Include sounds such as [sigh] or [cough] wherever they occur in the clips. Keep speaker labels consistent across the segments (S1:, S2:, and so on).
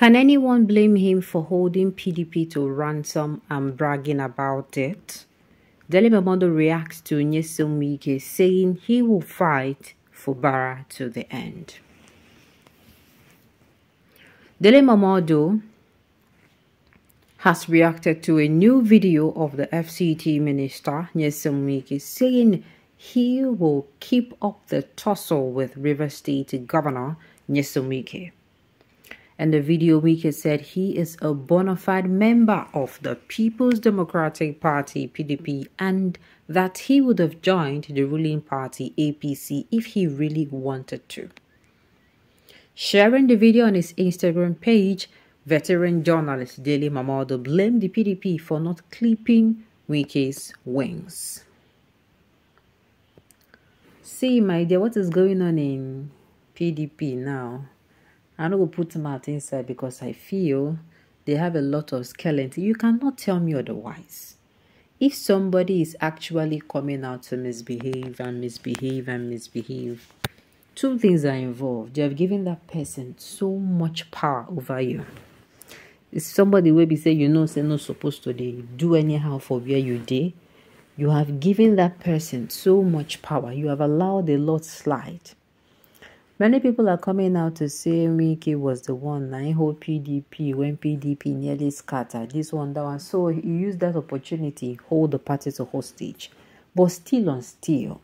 S1: Can anyone blame him for holding PDP to ransom and bragging about it? Delima Momodo reacts to Nyesom Wike saying he will fight for Bara to the end. Dele Momodo has reacted to a new video of the FCT minister Nyesom Miki, saying he will keep up the tussle with River State Governor Nyesom Miki. And the video, maker said he is a bona fide member of the People's Democratic Party, PDP, and that he would have joined the ruling party, APC, if he really wanted to. Sharing the video on his Instagram page, veteran journalist Dele Mamado blamed the PDP for not clipping Wike's wings. See, my dear, what is going on in PDP now? I'm not going to put out inside because I feel they have a lot of skeleton. You cannot tell me otherwise. If somebody is actually coming out to misbehave and misbehave and misbehave, two things are involved. You have given that person so much power over you. If somebody will be say you know say not supposed to they do anyhow for where you did. You have given that person so much power. You have allowed a lot slide. Many people are coming out to say Wiki was the one, I hold PDP, when PDP nearly scattered, this one, that one. So he used that opportunity, hold the party to hostage. But still on still,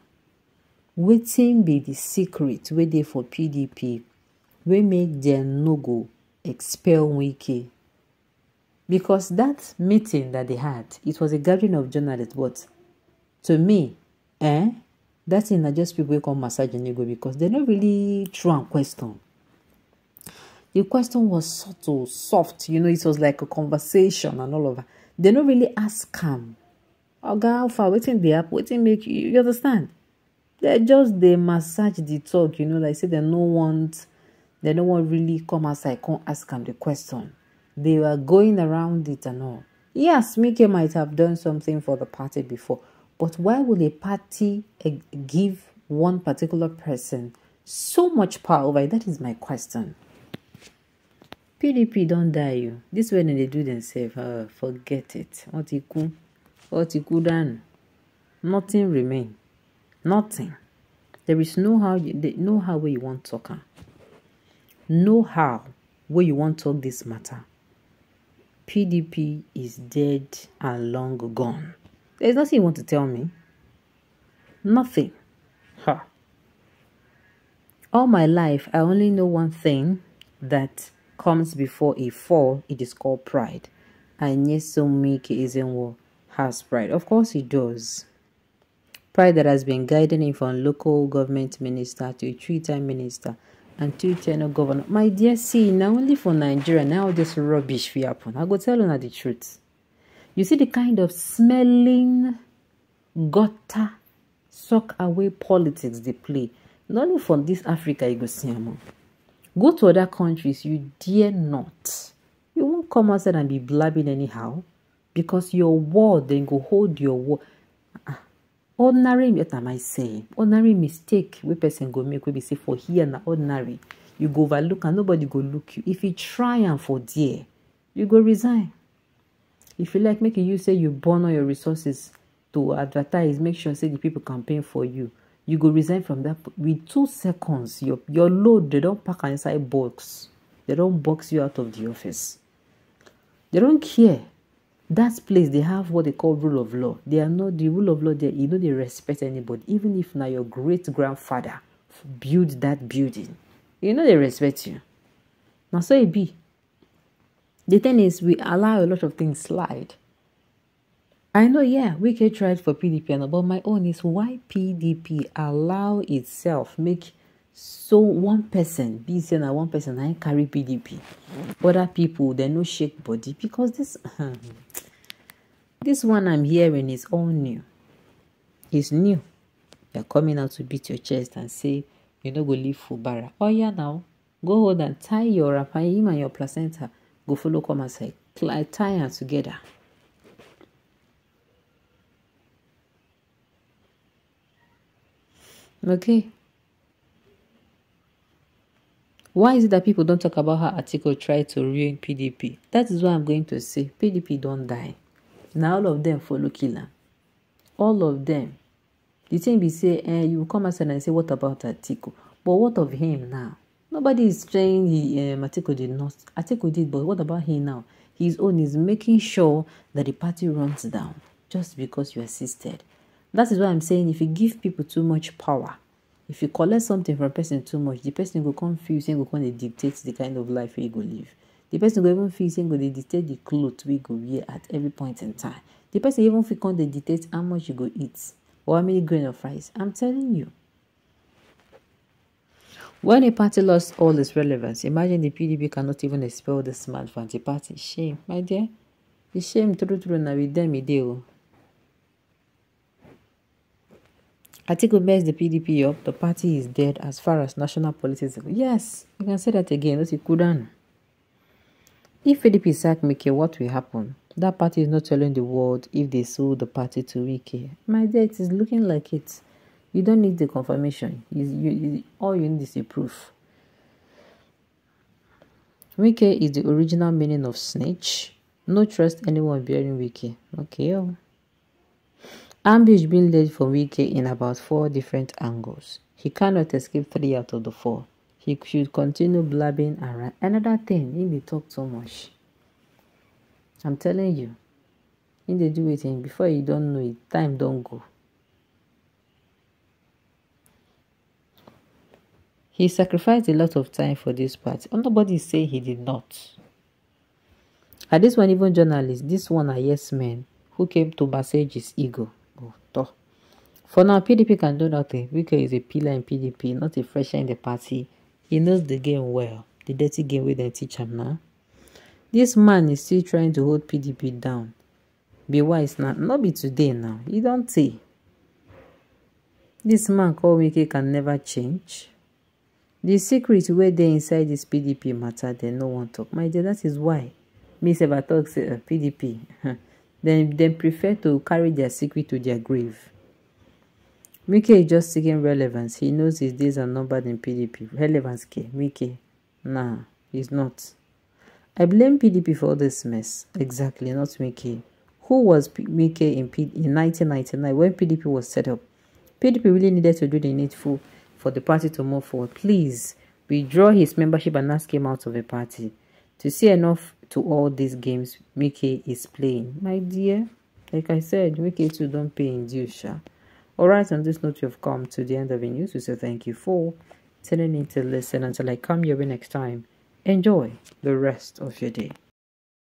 S1: waiting be the secret where they for PDP, we make them no go expel Wiki because that meeting that they had it was a gathering of journalists but to me eh dat thing na just people wey come massage ego because they they're not really throw and question the question was subtle soft you know it was like a conversation and all of that don't really ask am oga how far waiting the app, waiting make you you understand They just they massage the talk you know like say they no want dem no want really come outside come ask him the question they were going around it and all yes Mickey might have done something for the party before but why will a party eh, give one particular person so much power over it? That is my question. PDP don't die you. This way they do themselves. Uh, forget it. What you could, what you could done. Nothing remain. Nothing. There is no how you, no how where you want talk. No how where you want talk this matter. PDP is dead and long gone. There's nothing you want to tell me. Nothing. Ha. Huh. All my life, I only know one thing that comes before a fall. It is called pride. And yes, so Miki Izenwo has pride. Of course, he does. Pride that has been guiding him from local government minister to a three-time minister and two time governor. My dear, see, now only for Nigeria, now this rubbish will happen. I go tell you the truth. You see the kind of smelling gutter suck away politics they play. Not only from this Africa, you go see them. Go to other countries, you dare not. You won't come outside and be blabbing anyhow because your word then go hold your word. Uh-uh. Ordinary, what am I saying? Ordinary mistake we person go make we be say for here na ordinary. You go overlook and nobody go look you. If you try and for dear, you go resign if you like make you say you burn all your resources to advertise make sure say the people campaign for you you go resign from that with two seconds your your load they don't pack inside box they don't box you out of the office they don't care that place they have what they call rule of law they are not the rule of law there you know they respect anybody even if now your great grandfather build that building you know they respect you now say it be the thing is, we allow a lot of things slide. I know, yeah, we can try it for PDP, and but my own is why PDP allow itself make so one person be saying that one person I carry PDP. Other people they no shake body because this [laughs] this one I'm hearing is all new. It's new. You're coming out to beat your chest and say you going go leave Fubara. Oh yeah now. Go hold and tie your rapper and your placenta. go follow come outside tie am together. Okay. Why is it that people don't talk about how article Try to ruin PDP? That is what I'm going to say. PDP don't die. Now all of them follow Killer. All of them. The thing be say, eh, you come outside and say, what about Atiku? But what of him now? Nobody is saying he, um, Atiku did not. Atiku did, but what about he now? His own is making sure that the party runs down just because you assisted. That is why I'm saying if you give people too much power, if you collect something from a person too much, the person will confuse and saying will come and dictate the kind of life we go live. The person will even feel saying go they dictate the clothes we go wear at every point in time. The person even feel come they dictate how much you go eat or how many grain of rice. I'm telling you. When a party lost all its relevance, imagine the PDP cannot even expel this man from the party. Shame, my dear. The shame through through now with them deal. Oh. Article mess the PDP up. The party is dead as far as national politics. Yes, you can say that again. That's Kudan. If PDP sack Mike, what will happen? That party is not telling the world if they sold the party to Wike. My dear, it is looking like it. You don't need the confirmation. It's, you, you, all you need is a proof. Wike is the original meaning of snitch. No trust anyone bearing Wiki. Okay. Oh. Ambush being led for Wiki in about four different angles. He cannot escape three out of the four. He should continue blabbing around. Another thing, he may talk so much. I'm telling you. He they do it before you don't know it, time don't go. He sacrificed a lot of time for this part. Nobody say he did not. And this one, even journalists, this one are yes men who came to massage his ego. Oh, for now, PDP can do nothing. Wike is a pillar in PDP, not a fresher in the party. He knows the game well, the dirty game with the teach him now. This man is still trying to hold PDP down. Be wise now, not be today now. You don't see. This man called Wike can never change. The secret where they inside this pdp matter, they no one talk. my dear that is why Miss sef talks ah, pdp Then, they prefer to carry their secret to their grave Miki is just seeking relevance he knows his days are numbered in pdp relevance ke Miki, nah he's not i blame pdp for this mess exactly not Miki. who was Miki in, P in 1999 when pdp was set up pdp really needed to do the needful for the party to move forward. Please withdraw his membership and ask him out of the party. To see enough to all these games Mickey is playing. My dear, like I said, Mickey too don't pay in due, Alright, on this note, you have come to the end of the news. We say thank you for tuning in to listen until I come your way next time. Enjoy the rest of your day.